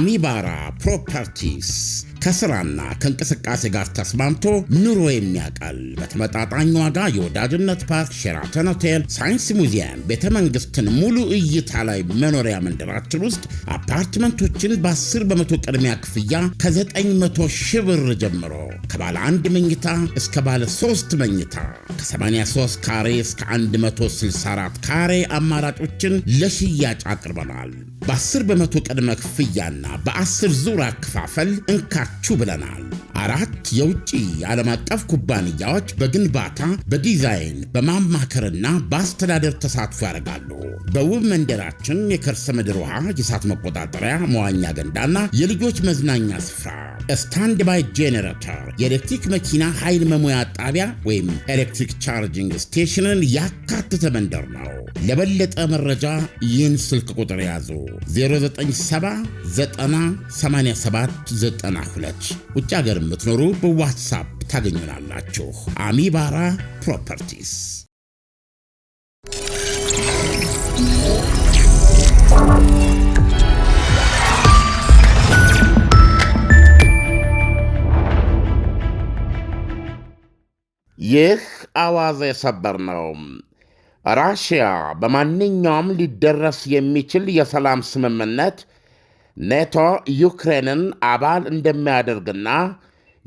Amibara Properties ከስራና ከእንቅስቃሴ ጋር ተስማምቶ ኑሮ የሚያቀል በተመጣጣኝ ዋጋ የወዳጅነት ፓርክ፣ ሼራተን ሆቴል፣ ሳይንስ ሙዚየም፣ ቤተ መንግስትን ሙሉ እይታ ላይ መኖሪያ መንደራችን ውስጥ አፓርትመንቶችን በ10 በመቶ ቅድሚያ ክፍያ ከ900 ሺህ ብር ጀምሮ ከባለ አንድ መኝታ እስከ ባለ ሶስት መኝታ ከ83 ካሬ እስከ 164 ካሬ አማራጮችን ለሽያጭ አቅርበናል። በ10 በመቶ ቅድመ ክፍያና በ10 ዙር አከፋፈል እንካ ናችሁ ብለናል። አራት የውጭ ዓለም አቀፍ ኩባንያዎች በግንባታ በዲዛይን በማማከርና በአስተዳደር ተሳትፎ ያደርጋሉ። በውብ መንደራችን የከርሰ ምድር ውሃ፣ የእሳት መቆጣጠሪያ፣ መዋኛ ገንዳና የልጆች መዝናኛ ስፍራ፣ ስታንድ ባይ ጄኔሬተር፣ የኤሌክትሪክ መኪና ኃይል መሙያ ጣቢያ ወይም ኤሌክትሪክ ቻርጅንግ ስቴሽንን ያካተተ መንደር ነው። ለበለጠ መረጃ ይህን ስልክ ቁጥር ያዙ 0979 222 ውጭ ሀገር የምትኖሩ በዋትሳፕ ታገኙናላችሁ። አሚባራ ፕሮፐርቲስ ይህ አዋዘ የሰበር ነው። ራሽያ በማንኛውም ሊደረስ የሚችል የሰላም ስምምነት ኔቶ ዩክሬንን አባል እንደሚያደርግና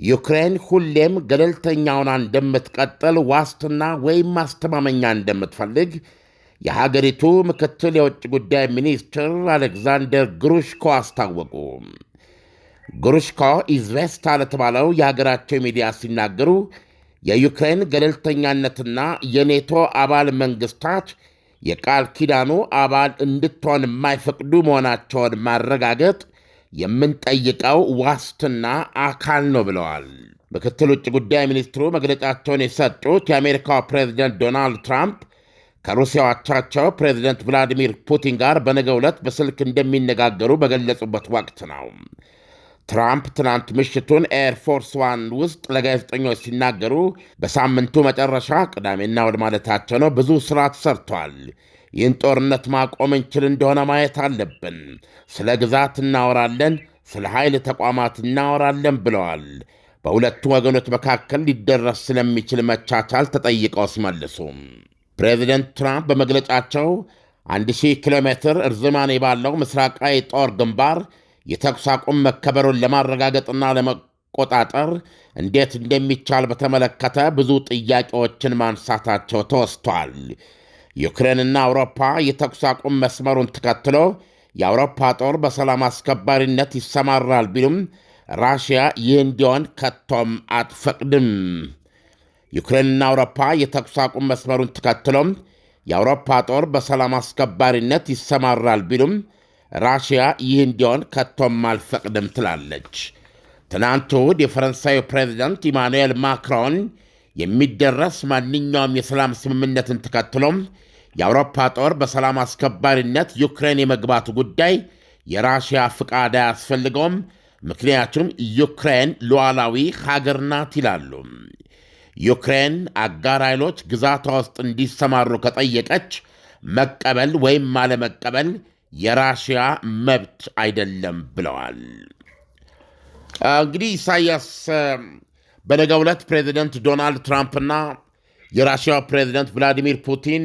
ዩክሬን ሁሌም ገለልተኛውና እንደምትቀጥል ዋስትና ወይም ማስተማመኛ እንደምትፈልግ የሀገሪቱ ምክትል የውጭ ጉዳይ ሚኒስትር አሌክዛንደር ግሩሽኮ አስታወቁ። ግሩሽኮ ኢዝቬስታ ለተባለው የሀገራቸው ሚዲያ ሲናገሩ የዩክሬን ገለልተኛነትና የኔቶ አባል መንግስታት የቃል ኪዳኑ አባል እንድትሆን የማይፈቅዱ መሆናቸውን ማረጋገጥ የምንጠይቀው ዋስትና አካል ነው ብለዋል። ምክትል ውጭ ጉዳይ ሚኒስትሩ መግለጫቸውን የሰጡት የአሜሪካው ፕሬዚደንት ዶናልድ ትራምፕ ከሩሲያ አቻቸው ፕሬዚደንት ቭላዲሚር ፑቲን ጋር በነገ ዕለት በስልክ እንደሚነጋገሩ በገለጹበት ወቅት ነው። ትራምፕ ትናንት ምሽቱን ኤርፎርስ ዋን ውስጥ ለጋዜጠኞች ሲናገሩ በሳምንቱ መጨረሻ ቅዳሜና ወደ ማለታቸው ነው ብዙ ስራ ተሰርቷል። ይህን ጦርነት ማቆም እንችል እንደሆነ ማየት አለብን። ስለ ግዛት እናወራለን፣ ስለ ኃይል ተቋማት እናወራለን ብለዋል። በሁለቱ ወገኖች መካከል ሊደረስ ስለሚችል መቻቻል ተጠይቀው ሲመልሱ ፕሬዚደንት ትራምፕ በመግለጫቸው 1000 ኪሎ ሜትር እርዝማኔ ባለው ምስራቃዊ ጦር ግንባር የተኩስ አቁም መከበሩን ለማረጋገጥና ለመቆጣጠር እንዴት እንደሚቻል በተመለከተ ብዙ ጥያቄዎችን ማንሳታቸው ተወስቷል። ዩክሬንና አውሮፓ የተኩስ አቁም መስመሩን ተከትሎ የአውሮፓ ጦር በሰላም አስከባሪነት ይሰማራል ቢሉም ራሽያ ይህ እንዲሆን ከቶም አትፈቅድም። ዩክሬንና አውሮፓ የተኩስ አቁም መስመሩን ተከትሎም የአውሮፓ ጦር በሰላም አስከባሪነት ይሰማራል ቢሉም ራሽያ ይህ እንዲሆን ከቶም አልፈቅድም ትላለች። ትናንት እሁድ የፈረንሳዩ ፕሬዚደንት ኢማኑኤል ማክሮን የሚደረስ ማንኛውም የሰላም ስምምነትን ተከትሎም የአውሮፓ ጦር በሰላም አስከባሪነት ዩክሬን የመግባቱ ጉዳይ የራሽያ ፍቃድ አያስፈልገውም፣ ምክንያቱም ዩክሬን ሉዓላዊ ሀገር ናት ይላሉ። ዩክሬን አጋር ኃይሎች ግዛቷ ውስጥ እንዲሰማሩ ከጠየቀች መቀበል ወይም አለመቀበል የራሽያ መብት አይደለም ብለዋል። እንግዲህ ኢሳያስ በነገ ዕለት ፕሬዚደንት ዶናልድ ትራምፕና የራሽያ ፕሬዚደንት ቭላዲሚር ፑቲን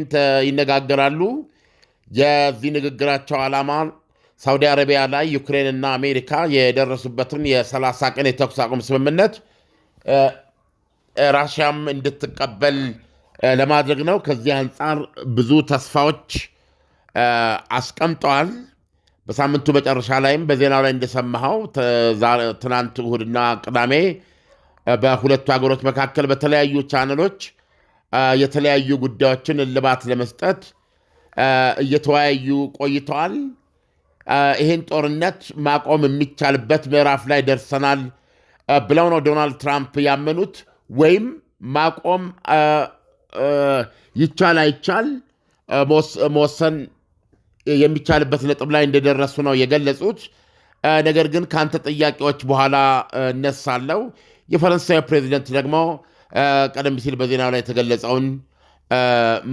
ይነጋገራሉ። የዚህ ንግግራቸው ዓላማ ሳውዲ አረቢያ ላይ ዩክሬንና አሜሪካ የደረሱበትን የ30 ቀን የተኩስ አቁም ስምምነት ራሽያም እንድትቀበል ለማድረግ ነው። ከዚህ አንጻር ብዙ ተስፋዎች አስቀምጠዋል። በሳምንቱ መጨረሻ ላይም በዜናው ላይ እንደሰማኸው ትናንት እሁድና ቅዳሜ በሁለቱ ሀገሮች መካከል በተለያዩ ቻነሎች የተለያዩ ጉዳዮችን እልባት ለመስጠት እየተወያዩ ቆይተዋል። ይህን ጦርነት ማቆም የሚቻልበት ምዕራፍ ላይ ደርሰናል ብለው ነው ዶናልድ ትራምፕ ያመኑት። ወይም ማቆም ይቻል አይቻል መወሰን የሚቻልበት ነጥብ ላይ እንደደረሱ ነው የገለጹት። ነገር ግን ከአንተ ጥያቄዎች በኋላ እነሳለው። የፈረንሳዊ ፕሬዚደንት ደግሞ ቀደም ሲል በዜናው ላይ የተገለጸውን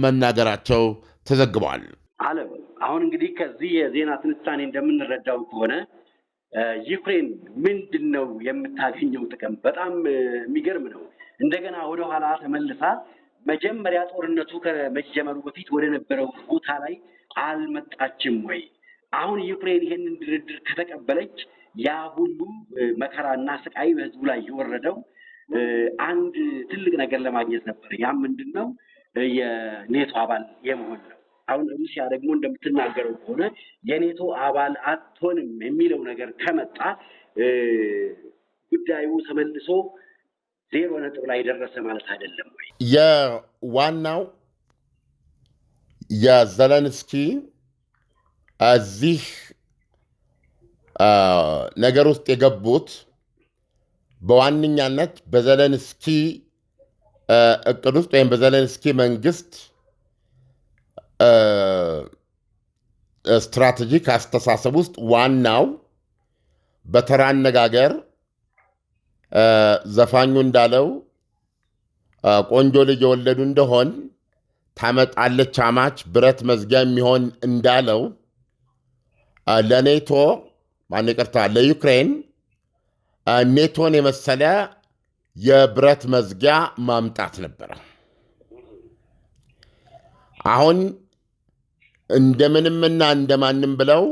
መናገራቸው ተዘግበዋል። አለም አሁን እንግዲህ ከዚህ የዜና ትንታኔ እንደምንረዳው ከሆነ ዩክሬን ምንድን ነው የምታገኘው ጥቅም? በጣም የሚገርም ነው። እንደገና ወደኋላ ተመልሳ መጀመሪያ ጦርነቱ ከመጀመሩ በፊት ወደ ነበረው ቦታ ላይ አልመጣችም ወይ? አሁን ዩክሬን ይሄንን ድርድር ከተቀበለች ያ ሁሉ መከራና ስቃይ በህዝቡ ላይ የወረደው አንድ ትልቅ ነገር ለማግኘት ነበር። ያም ምንድን ነው? የኔቶ አባል የመሆን ነው። አሁን ሩሲያ ደግሞ እንደምትናገረው ከሆነ የኔቶ አባል አትሆንም የሚለው ነገር ከመጣ ጉዳዩ ተመልሶ ዜሮ ነጥብ ላይ ደረሰ ማለት አይደለም ወይ? የዋናው የዘለንስኪ እዚህ ነገር ውስጥ የገቡት በዋነኛነት በዘለንስኪ እቅድ ውስጥ ወይም በዘለንስኪ መንግስት ስትራቴጂክ አስተሳሰብ ውስጥ ዋናው በተራ አነጋገር ዘፋኙ እንዳለው ቆንጆ ልጅ የወለዱ እንደሆን ታመጣለች አማች ብረት መዝጊያ የሚሆን እንዳለው ለኔቶ ማን ይቅርታ፣ ለዩክሬን ኔቶን የመሰለ የብረት መዝጊያ ማምጣት ነበረ። አሁን እንደምንምና እንደማንም ብለው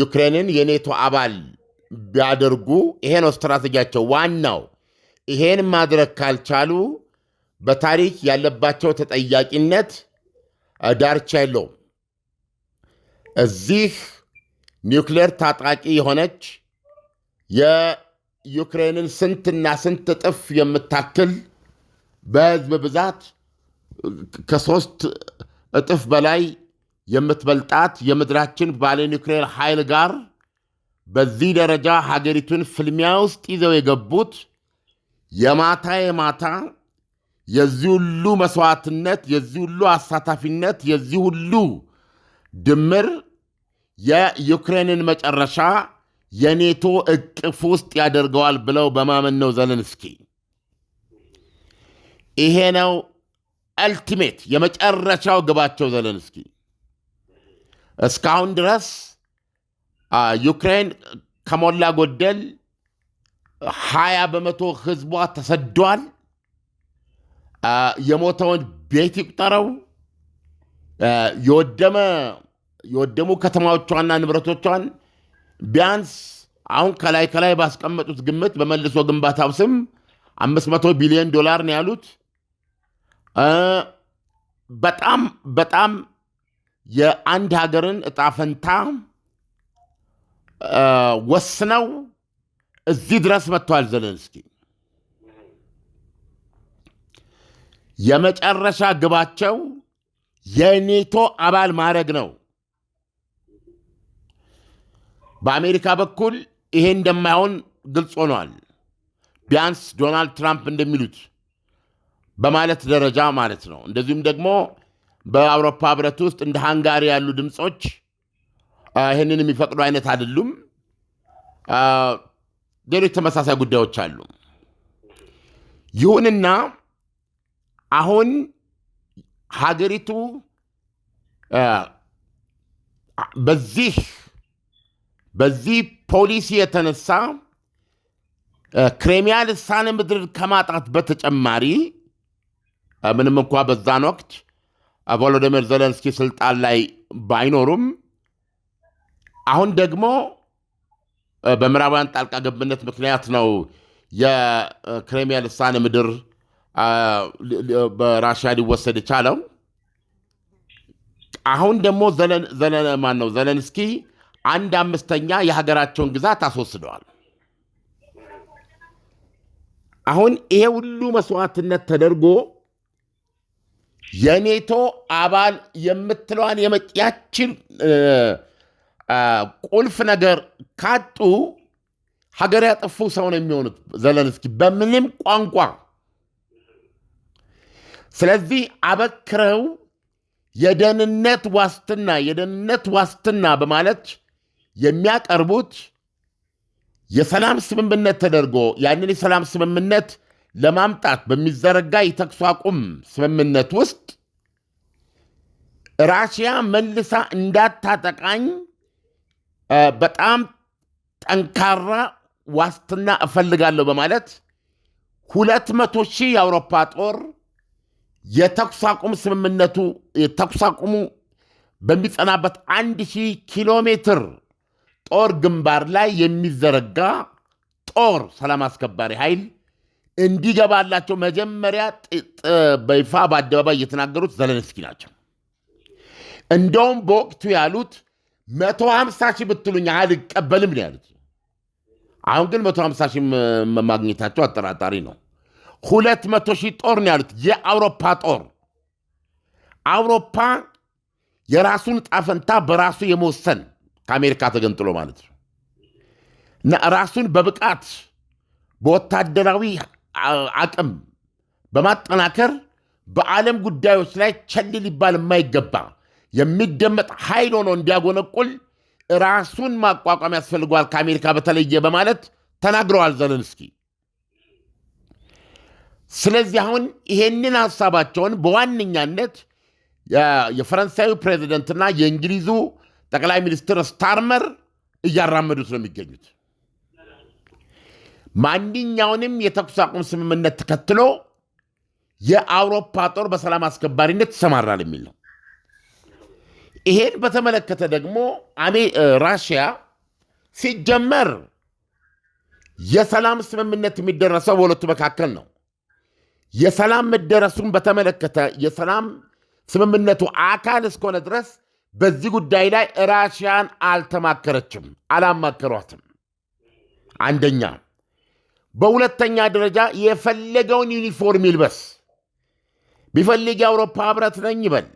ዩክሬንን የኔቶ አባል ቢያደርጉ ይሄ ነው ስትራቴጂያቸው ዋናው። ይሄን ማድረግ ካልቻሉ በታሪክ ያለባቸው ተጠያቂነት ዳርቻ የለውም። እዚህ ኒውክሌር ታጣቂ የሆነች የዩክሬንን ስንትና ስንት እጥፍ የምታክል በህዝብ ብዛት ከሶስት እጥፍ በላይ የምትበልጣት የምድራችን ባለ ኒውክሌር ኃይል ጋር በዚህ ደረጃ ሀገሪቱን ፍልሚያ ውስጥ ይዘው የገቡት የማታ የማታ የዚህ ሁሉ መስዋዕትነት፣ የዚህ ሁሉ አሳታፊነት፣ የዚህ ሁሉ ድምር የዩክሬንን መጨረሻ የኔቶ እቅፍ ውስጥ ያደርገዋል ብለው በማመን ነው ዘለንስኪ። ይሄ ነው አልቲሜት የመጨረሻው ግባቸው ዘለንስኪ። እስካሁን ድረስ ዩክሬን ከሞላ ጎደል ሀያ በመቶ ህዝቧ ተሰዷል። የሞተውን ቤት ይቁጠረው። የወደመ የወደሙ ከተማዎቿና ንብረቶቿን ቢያንስ አሁን ከላይ ከላይ ባስቀመጡት ግምት በመልሶ ግንባታው ስም 500 ቢሊዮን ዶላር ነው ያሉት። በጣም በጣም የአንድ ሀገርን እጣ ፈንታ ወስነው እዚህ ድረስ መጥተዋል ዘለንስኪ። የመጨረሻ ግባቸው የኔቶ አባል ማድረግ ነው። በአሜሪካ በኩል ይሄ እንደማይሆን ግልጽ ሆኗል። ቢያንስ ዶናልድ ትራምፕ እንደሚሉት በማለት ደረጃ ማለት ነው። እንደዚሁም ደግሞ በአውሮፓ ህብረት ውስጥ እንደ ሃንጋሪ ያሉ ድምፆች ይህንን የሚፈቅዱ አይነት አይደሉም። ሌሎች ተመሳሳይ ጉዳዮች አሉ። ይሁንና አሁን ሀገሪቱ በዚህ በዚህ ፖሊሲ የተነሳ ክሬሚያ ልሳነ ምድር ከማጣት በተጨማሪ ምንም እንኳ በዛን ወቅት ቮሎዲሚር ዘለንስኪ ስልጣን ላይ ባይኖሩም አሁን ደግሞ በምዕራባውያን ጣልቃ ገብነት ምክንያት ነው የክሬሚያ ልሳነ ምድር በራሽያ ሊወሰድ የቻለው። አሁን ደግሞ ዘለነ ነው ዘለንስኪ አንድ አምስተኛ የሀገራቸውን ግዛት አስወስደዋል። አሁን ይሄ ሁሉ መስዋዕትነት ተደርጎ የኔቶ አባል የምትለዋን ያችን ቁልፍ ነገር ካጡ ሀገር ያጠፉ ሰው ነው የሚሆኑት ዘለንስኪ በምንም ቋንቋ ስለዚህ አበክረው የደህንነት ዋስትና የደህንነት ዋስትና በማለት የሚያቀርቡት የሰላም ስምምነት ተደርጎ ያንን የሰላም ስምምነት ለማምጣት በሚዘረጋ የተኩስ አቁም ስምምነት ውስጥ ራሽያ መልሳ እንዳታጠቃኝ በጣም ጠንካራ ዋስትና እፈልጋለሁ በማለት ሁለት መቶ ሺህ የአውሮፓ ጦር የተኩስ አቁም ስምምነቱ የተኩስ አቁሙ በሚጸናበት አንድ ሺህ ኪሎ ሜትር ጦር ግንባር ላይ የሚዘረጋ ጦር ሰላም አስከባሪ ኃይል እንዲገባላቸው መጀመሪያ በይፋ በአደባባይ የተናገሩት ዘለንስኪ ናቸው። እንደውም በወቅቱ ያሉት መቶ ሀምሳ ሺህ ብትሉኝ አልቀበልም ነው ያሉት። አሁን ግን መቶ ሀምሳ ሺህ ማግኘታቸው አጠራጣሪ ነው። ሁለት መቶ ሺህ ጦር ነው ያሉት የአውሮፓ ጦር። አውሮፓ የራሱን ጣፈንታ በራሱ የመወሰን ከአሜሪካ ተገንጥሎ ማለት ነው ራሱን በብቃት በወታደራዊ አቅም በማጠናከር በዓለም ጉዳዮች ላይ ቸል ሊባል የማይገባ የሚደመጥ ኃይል ሆኖ እንዲያጎነቁል ራሱን ማቋቋም ያስፈልገዋል ከአሜሪካ በተለየ በማለት ተናግረዋል ዘለንስኪ። ስለዚህ አሁን ይሄንን ሀሳባቸውን በዋነኛነት የፈረንሳዩ ፕሬዚደንትና የእንግሊዙ ጠቅላይ ሚኒስትር ስታርመር እያራመዱት ነው የሚገኙት። ማንኛውንም የተኩስ አቁም ስምምነት ተከትሎ የአውሮፓ ጦር በሰላም አስከባሪነት ይሰማራል የሚል ነው። ይሄን በተመለከተ ደግሞ ራሽያ ሲጀመር የሰላም ስምምነት የሚደረሰው በሁለቱ መካከል ነው። የሰላም መደረሱን በተመለከተ የሰላም ስምምነቱ አካል እስከሆነ ድረስ በዚህ ጉዳይ ላይ ራሽያን አልተማከረችም፣ አላማከሯትም። አንደኛ። በሁለተኛ ደረጃ የፈለገውን ዩኒፎርም ይልበስ፣ ቢፈልግ የአውሮፓ ህብረት ነኝ ይበል፣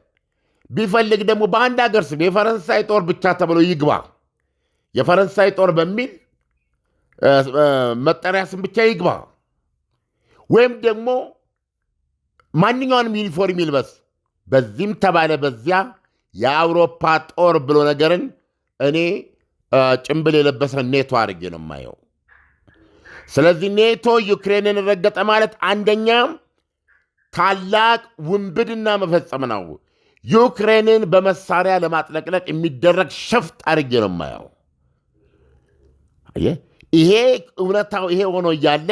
ቢፈልግ ደግሞ በአንድ ሀገር ስም የፈረንሳይ ጦር ብቻ ተብሎ ይግባ። የፈረንሳይ ጦር በሚል መጠሪያ ስም ብቻ ይግባ ወይም ደግሞ ማንኛውንም ዩኒፎርም ይልበስ። በዚህም ተባለ በዚያ የአውሮፓ ጦር ብሎ ነገርን እኔ ጭንብል የለበሰ ኔቶ አድርጌ ነው የማየው። ስለዚህ ኔቶ ዩክሬንን ረገጠ ማለት አንደኛ ታላቅ ውንብድና መፈጸም ነው። ዩክሬንን በመሳሪያ ለማጥለቅለቅ የሚደረግ ሸፍጥ አድርጌ ነው የማየው። ይሄ እውነታው ይሄ ሆኖ እያለ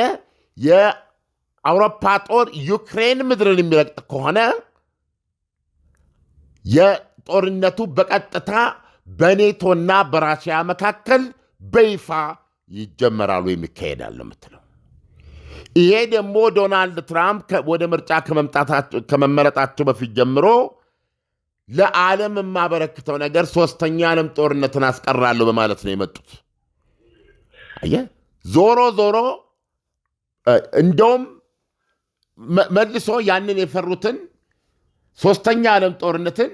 አውሮፓ ጦር ዩክሬን ምድርን የሚረግጥ ከሆነ የጦርነቱ በቀጥታ በኔቶና በራሽያ መካከል በይፋ ይጀመራሉ የሚካሄዳል የምትለው። ይሄ ደግሞ ዶናልድ ትራምፕ ወደ ምርጫ ከመመረጣቸው በፊት ጀምሮ ለዓለም የማበረክተው ነገር ሶስተኛ ዓለም ጦርነትን አስቀራለሁ በማለት ነው የመጡት። አየህ ዞሮ ዞሮ እንደውም መልሶ ያንን የፈሩትን ሶስተኛ ዓለም ጦርነትን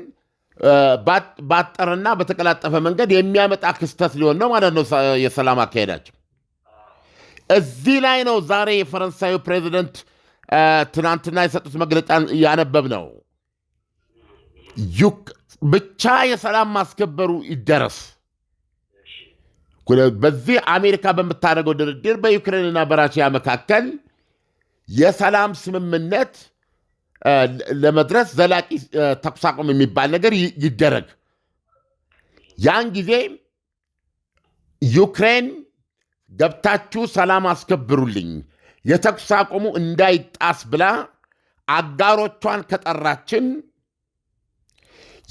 ባጠረና በተቀላጠፈ መንገድ የሚያመጣ ክስተት ሊሆን ነው ማለት ነው። የሰላም አካሄዳቸው እዚህ ላይ ነው። ዛሬ የፈረንሳዩ ፕሬዚደንት ትናንትና የሰጡት መግለጫ ያነበብ ነው። ብቻ የሰላም ማስከበሩ ይደረስ። በዚህ አሜሪካ በምታደርገው ድርድር በዩክሬንና በራሽያ መካከል የሰላም ስምምነት ለመድረስ ዘላቂ ተኩስ አቁም የሚባል ነገር ይደረግ። ያን ጊዜ ዩክሬን ገብታችሁ ሰላም አስከብሩልኝ፣ የተኩስ አቁሙ እንዳይጣስ ብላ አጋሮቿን ከጠራችን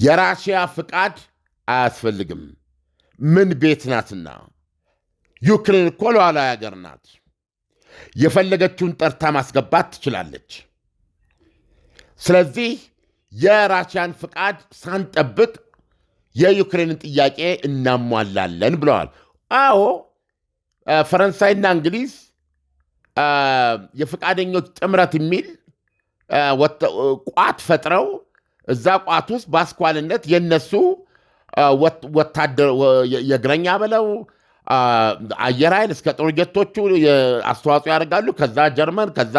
የራሽያ ፍቃድ አያስፈልግም። ምን ቤት ናትና ዩክሬን እኮ ሉዓላዊ ሀገር ናት። የፈለገችውን ጠርታ ማስገባት ትችላለች። ስለዚህ የራሽያን ፍቃድ ሳንጠብቅ የዩክሬንን ጥያቄ እናሟላለን ብለዋል። አዎ ፈረንሳይና እንግሊዝ የፈቃደኞች ጥምረት የሚል ቋት ፈጥረው እዛ ቋት ውስጥ በአስኳልነት የነሱ ወታደር የእግረኛ በለው አየር ኃይል እስከ ጦር ጀቶቹ አስተዋጽኦ ያደርጋሉ። ከዛ ጀርመን ከዛ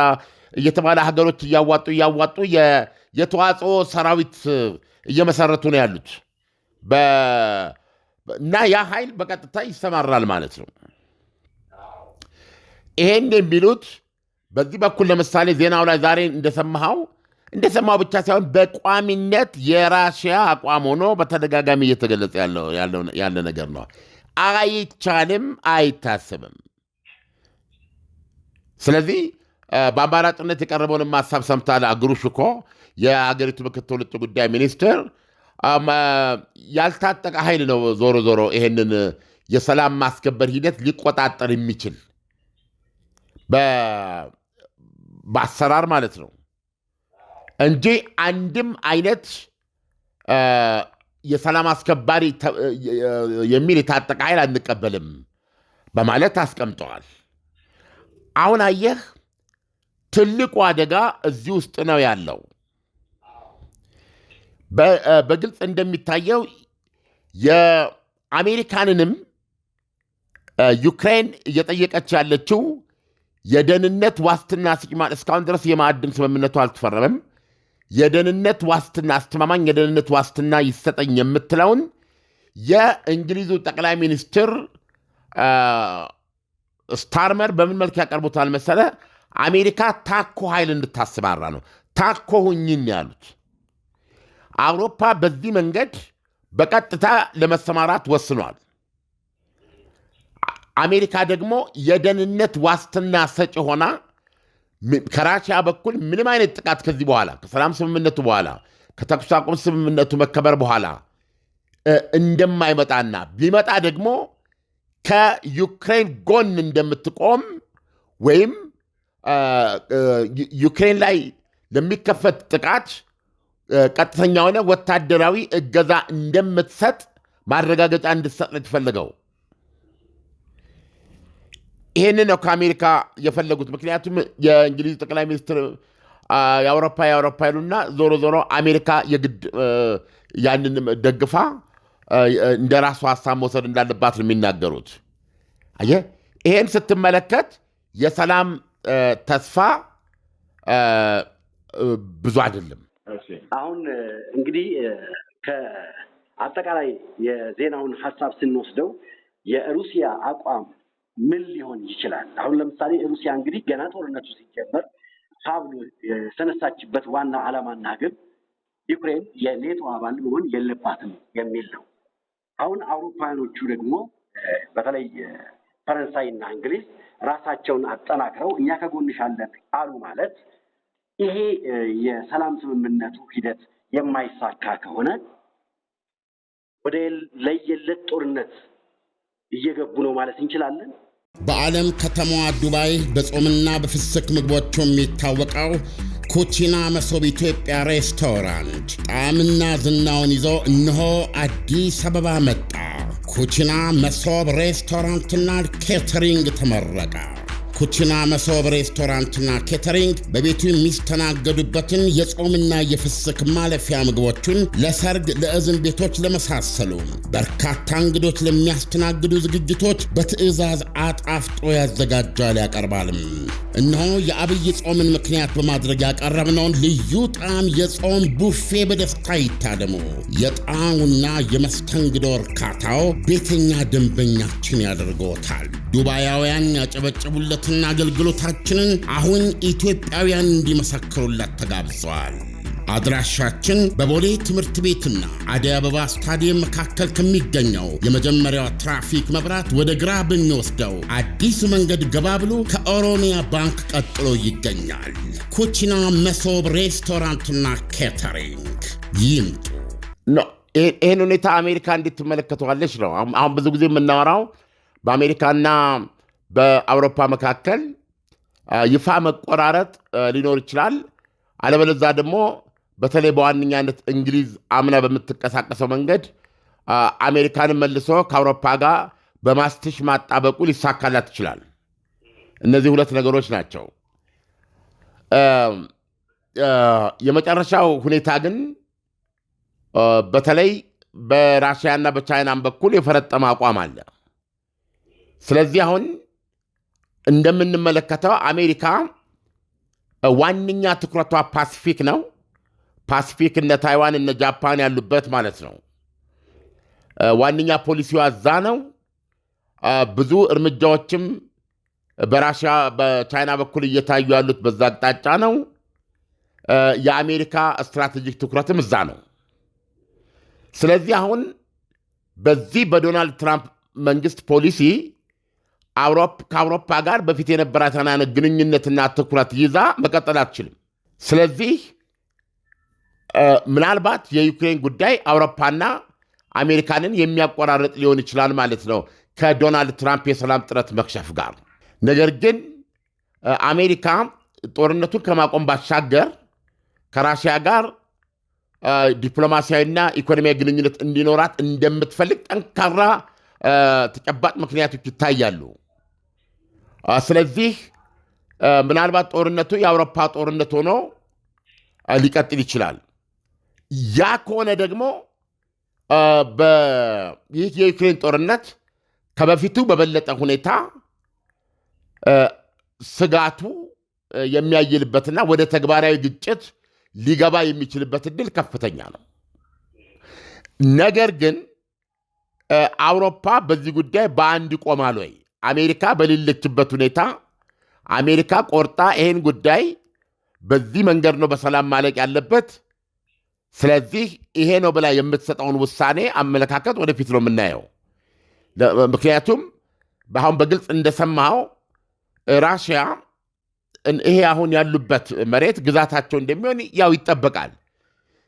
እየተባለ ሀገሮች እያዋጡ እያዋጡ የተዋጽኦ ሰራዊት እየመሰረቱ ነው ያሉት እና ያ ኃይል በቀጥታ ይሰማራል ማለት ነው። ይሄን የሚሉት በዚህ በኩል ለምሳሌ ዜናው ላይ ዛሬ እንደሰማኸው እንደሰማው ብቻ ሳይሆን በቋሚነት የራሽያ አቋም ሆኖ በተደጋጋሚ እየተገለጸ ያለ ነገር ነው። አይቻልም፣ አይታሰብም። ስለዚህ በአማራጭነት የቀረበውንም ሀሳብ ሰምታል። ግሩሽ እኮ የአገሪቱ ምክትል ውጭ ጉዳይ ሚኒስትር ያልታጠቀ ኃይል ነው ዞሮ ዞሮ ይሄንን የሰላም ማስከበር ሂደት ሊቆጣጠር የሚችል በአሰራር ማለት ነው እንጂ አንድም አይነት የሰላም አስከባሪ የሚል የታጠቀ ኃይል አንቀበልም በማለት አስቀምጠዋል። አሁን አየህ ትልቁ አደጋ እዚህ ውስጥ ነው ያለው። በግልጽ እንደሚታየው የአሜሪካንንም ዩክሬን እየጠየቀች ያለችው የደህንነት ዋስትና ስጭማል። እስካሁን ድረስ የማዕድን ስምምነቱ አልተፈረመም። የደህንነት ዋስትና አስተማማኝ የደህንነት ዋስትና ይሰጠኝ የምትለውን የእንግሊዙ ጠቅላይ ሚኒስትር ስታርመር በምን መልክ ያቀርቡታል መሰለ? አሜሪካ ታኮ ኃይል እንድታሰማራ ነው። ታኮ ሁኝን ያሉት አውሮፓ በዚህ መንገድ በቀጥታ ለመሰማራት ወስኗል። አሜሪካ ደግሞ የደህንነት ዋስትና ሰጪ ሆና ከራሽያ በኩል ምንም አይነት ጥቃት ከዚህ በኋላ ከሰላም ስምምነቱ በኋላ ከተኩስ አቁም ስምምነቱ መከበር በኋላ እንደማይመጣና ቢመጣ ደግሞ ከዩክሬን ጎን እንደምትቆም ወይም ዩክሬን ላይ ለሚከፈት ጥቃት ቀጥተኛ የሆነ ወታደራዊ እገዛ እንደምትሰጥ ማረጋገጫ እንድትሰጥ ነው የተፈለገው። ይህንን ነው ከአሜሪካ የፈለጉት። ምክንያቱም የእንግሊዝ ጠቅላይ ሚኒስትር የአውሮፓ የአውሮፓ ይሉና ዞሮ ዞሮ አሜሪካ የግድ ያንን ደግፋ እንደ ራሱ ሀሳብ መውሰድ እንዳለባት ነው የሚናገሩት። አየህ ይህን ስትመለከት የሰላም ተስፋ ብዙ አይደለም። አሁን እንግዲህ ከአጠቃላይ የዜናውን ሀሳብ ስንወስደው የሩሲያ አቋም ምን ሊሆን ይችላል? አሁን ለምሳሌ ሩሲያ እንግዲህ ገና ጦርነቱ ሲጀመር ሀብሎ የተነሳችበት ዋና ዓላማና ግብ ዩክሬን የኔቶ አባል መሆን የለባትም የሚል ነው። አሁን አውሮፓውያኖቹ ደግሞ በተለይ እና እንግሊዝ ራሳቸውን አጠናክረው እኛ ከጎንሻለን አሉ ማለት ይሄ የሰላም ስምምነቱ ሂደት የማይሳካ ከሆነ ወደ ለየለት ጦርነት እየገቡ ነው ማለት እንችላለን። በዓለም ከተማዋ ዱባይ በጾምና በፍስክ ምግቦቹ የሚታወቀው ኩቺና መሶብ ኢትዮጵያ ሬስቶራንት ጣዕምና ዝናውን ይዞ እነሆ አዲስ አበባ መጣ። ኩቺና መሶብ ሬስቶራንትና ኬተሪንግ ተመረቀ። ኩችና መሶብ ሬስቶራንትና ኬተሪንግ በቤቱ የሚስተናገዱበትን የጾምና የፍስክ ማለፊያ ምግቦችን ለሰርግ፣ ለእዝን ቤቶች ለመሳሰሉ በርካታ እንግዶች ለሚያስተናግዱ ዝግጅቶች በትዕዛዝ አጣፍጦ ያዘጋጃል ያቀርባልም። እነሆ የአብይ ጾምን ምክንያት በማድረግ ያቀረብነውን ልዩ ጣዕም የጾም ቡፌ በደስታ ይታደሙ። የጣዕሙና የመስተንግዶ እርካታው ቤተኛ ደንበኛችን ያደርጎታል። ዱባያውያን ያጨበጭቡለት ጥረትና አገልግሎታችንን አሁን ኢትዮጵያውያን እንዲመሰክሩለት ተጋብዘዋል። አድራሻችን በቦሌ ትምህርት ቤትና አደይ አበባ ስታዲየም መካከል ከሚገኘው የመጀመሪያው ትራፊክ መብራት ወደ ግራ በሚወስደው አዲስ መንገድ ገባ ብሎ ከኦሮሚያ ባንክ ቀጥሎ ይገኛል። ኩቺና መሶብ ሬስቶራንትና ኬተሪንግ ይምጡ። ይህን ሁኔታ አሜሪካ እንዴት ትመለከተዋለች ነው። አሁን ብዙ ጊዜ የምናወራው በአሜሪካና በአውሮፓ መካከል ይፋ መቆራረጥ ሊኖር ይችላል። አለበለዛ ደግሞ በተለይ በዋነኛነት እንግሊዝ አምና በምትንቀሳቀሰው መንገድ አሜሪካንን መልሶ ከአውሮፓ ጋር በማስትሽ ማጣበቁ ሊሳካላት ይችላል። እነዚህ ሁለት ነገሮች ናቸው። የመጨረሻው ሁኔታ ግን በተለይ በራሽያና በቻይናም በኩል የፈረጠመ አቋም አለ። ስለዚህ አሁን እንደምንመለከተው አሜሪካ ዋነኛ ትኩረቷ ፓሲፊክ ነው። ፓሲፊክ እነ ታይዋን እነ ጃፓን ያሉበት ማለት ነው። ዋነኛ ፖሊሲዋ እዛ ነው። ብዙ እርምጃዎችም በራሽያ በቻይና በኩል እየታዩ ያሉት በዛ አቅጣጫ ነው። የአሜሪካ ስትራቴጂክ ትኩረትም እዛ ነው። ስለዚህ አሁን በዚህ በዶናልድ ትራምፕ መንግስት ፖሊሲ ከአውሮፓ ጋር በፊት የነበራትን አይነት ግንኙነትና ትኩረት ይዛ መቀጠል አትችልም። ስለዚህ ምናልባት የዩክሬን ጉዳይ አውሮፓና አሜሪካንን የሚያቆራርጥ ሊሆን ይችላል ማለት ነው ከዶናልድ ትራምፕ የሰላም ጥረት መክሸፍ ጋር። ነገር ግን አሜሪካ ጦርነቱን ከማቆም ባሻገር ከራሽያ ጋር ዲፕሎማሲያዊና ኢኮኖሚያዊ ግንኙነት እንዲኖራት እንደምትፈልግ ጠንካራ ተጨባጭ ምክንያቶች ይታያሉ። ስለዚህ ምናልባት ጦርነቱ የአውሮፓ ጦርነት ሆኖ ሊቀጥል ይችላል። ያ ከሆነ ደግሞ ይህ የዩክሬን ጦርነት ከበፊቱ በበለጠ ሁኔታ ስጋቱ የሚያይልበትና ወደ ተግባራዊ ግጭት ሊገባ የሚችልበት እድል ከፍተኛ ነው። ነገር ግን አውሮፓ በዚህ ጉዳይ በአንድ ይቆማል ወይ? አሜሪካ በሌለችበት ሁኔታ አሜሪካ ቆርጣ ይህን ጉዳይ በዚህ መንገድ ነው በሰላም ማለቅ ያለበት፣ ስለዚህ ይሄ ነው ብላ የምትሰጠውን ውሳኔ አመለካከት ወደፊት ነው የምናየው። ምክንያቱም አሁን በግልጽ እንደሰማው ራሽያ ይሄ አሁን ያሉበት መሬት ግዛታቸው እንደሚሆን ያው ይጠበቃል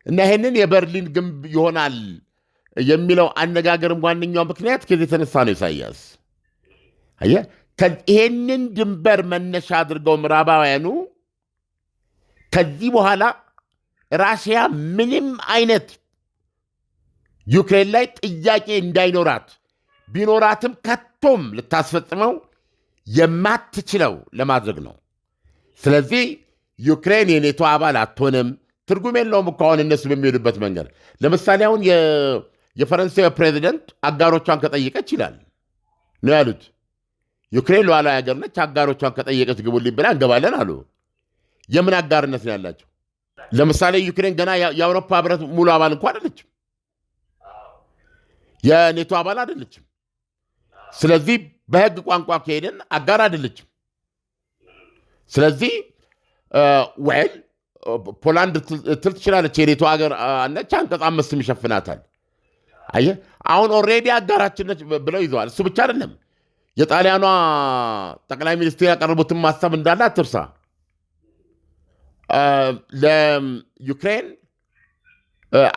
እና ይህንን የበርሊን ግንብ ይሆናል የሚለው አነጋገርም ዋነኛው ምክንያት ከዚህ የተነሳ ነው። ኢሳያስ ይሄንን ድንበር መነሻ አድርገው ምዕራባውያኑ ከዚህ በኋላ ራሽያ ምንም አይነት ዩክሬን ላይ ጥያቄ እንዳይኖራት ቢኖራትም ከቶም ልታስፈጽመው የማትችለው ለማድረግ ነው። ስለዚህ ዩክሬን የኔቶ አባል አትሆንም። ትርጉም የለውም እኮ አሁን እነሱ በሚሄዱበት መንገድ ለምሳሌ አሁን የፈረንሳዊ ፕሬዚደንት አጋሮቿን ከጠየቀች ይላል ነው ያሉት። ዩክሬን ሉዓላዊ ሀገር ነች፣ አጋሮቿን ከጠየቀች ግቡልኝ ብላ እንገባለን አሉ። የምን አጋርነት ነው ያላቸው? ለምሳሌ ዩክሬን ገና የአውሮፓ ህብረት ሙሉ አባል እንኳ አደለችም የኔቶ አባል አይደለችም። ስለዚህ በህግ ቋንቋ ከሄደን አጋር አይደለችም። ስለዚህ ወይል ፖላንድ ትል ትችላለች፣ የኔቶ ሀገር ነች፣ አንቀጽ አምስትም ይሸፍናታል። አየህ አሁን ኦልሬዲ አጋራችን ነች ብለው ይዘዋል። እሱ ብቻ አይደለም የጣሊያኗ ጠቅላይ ሚኒስትር ያቀረቡትን ማሰብ እንዳለ አትርሳ። ለዩክሬን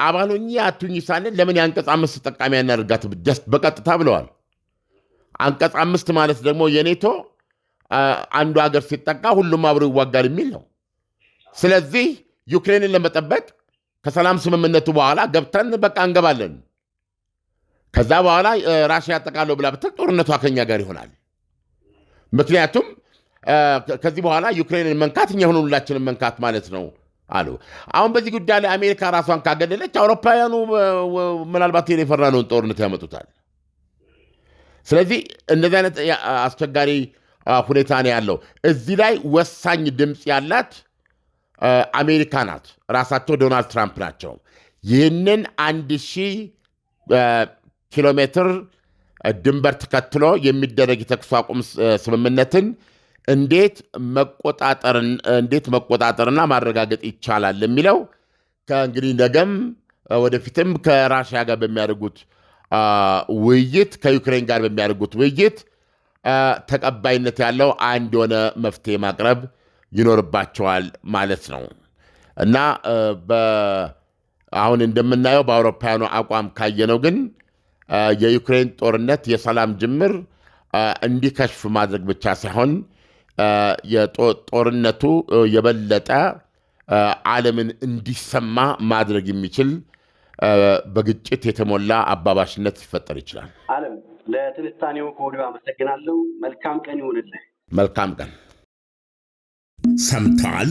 አባሎኝ አቱኝ ሳለን ለምን የአንቀጽ አምስት ተጠቃሚ ያናደርጋት ደስት በቀጥታ ብለዋል። አንቀጽ አምስት ማለት ደግሞ የኔቶ አንዱ ሀገር ሲጠቃ ሁሉም አብሮ ይዋጋል የሚል ነው። ስለዚህ ዩክሬንን ለመጠበቅ ከሰላም ስምምነቱ በኋላ ገብተን በቃ እንገባለን ከዛ በኋላ ራሽያ ያጠቃለው ብላ ብትል ጦርነቷ ከኛ ጋር ይሆናል። ምክንያቱም ከዚህ በኋላ ዩክሬንን መንካት እኛ ሆኖ ሁላችንን መንካት ማለት ነው አሉ። አሁን በዚህ ጉዳይ ላይ አሜሪካ ራሷን ካገደለች አውሮፓውያኑ ምናልባት የፈራነውን ጦርነት ያመጡታል። ስለዚህ እንደዚህ አይነት አስቸጋሪ ሁኔታ ነው ያለው። እዚህ ላይ ወሳኝ ድምፅ ያላት አሜሪካ ናት። ራሳቸው ዶናልድ ትራምፕ ናቸው። ይህንን አንድ ሺህ ኪሎ ሜትር ድንበር ተከትሎ የሚደረግ የተኩስ አቁም ስምምነትን እንዴት እንዴት መቆጣጠርና ማረጋገጥ ይቻላል የሚለው ከእንግዲህ ነገም ወደፊትም ከራሽያ ጋር በሚያደርጉት ውይይት ከዩክሬን ጋር በሚያደርጉት ውይይት ተቀባይነት ያለው አንድ የሆነ መፍትሄ ማቅረብ ይኖርባቸዋል ማለት ነው እና አሁን እንደምናየው በአውሮፓውያኑ አቋም ካየነው ግን የዩክሬን ጦርነት የሰላም ጅምር እንዲከሽፍ ማድረግ ብቻ ሳይሆን ጦርነቱ የበለጠ ዓለምን እንዲሰማ ማድረግ የሚችል በግጭት የተሞላ አባባሽነት ሊፈጠር ይችላል። ዓለም ለትንታኔው ከወዲሁ አመሰግናለሁ። መልካም ቀን ይሁንልህ። መልካም ቀን ሰምተዋል።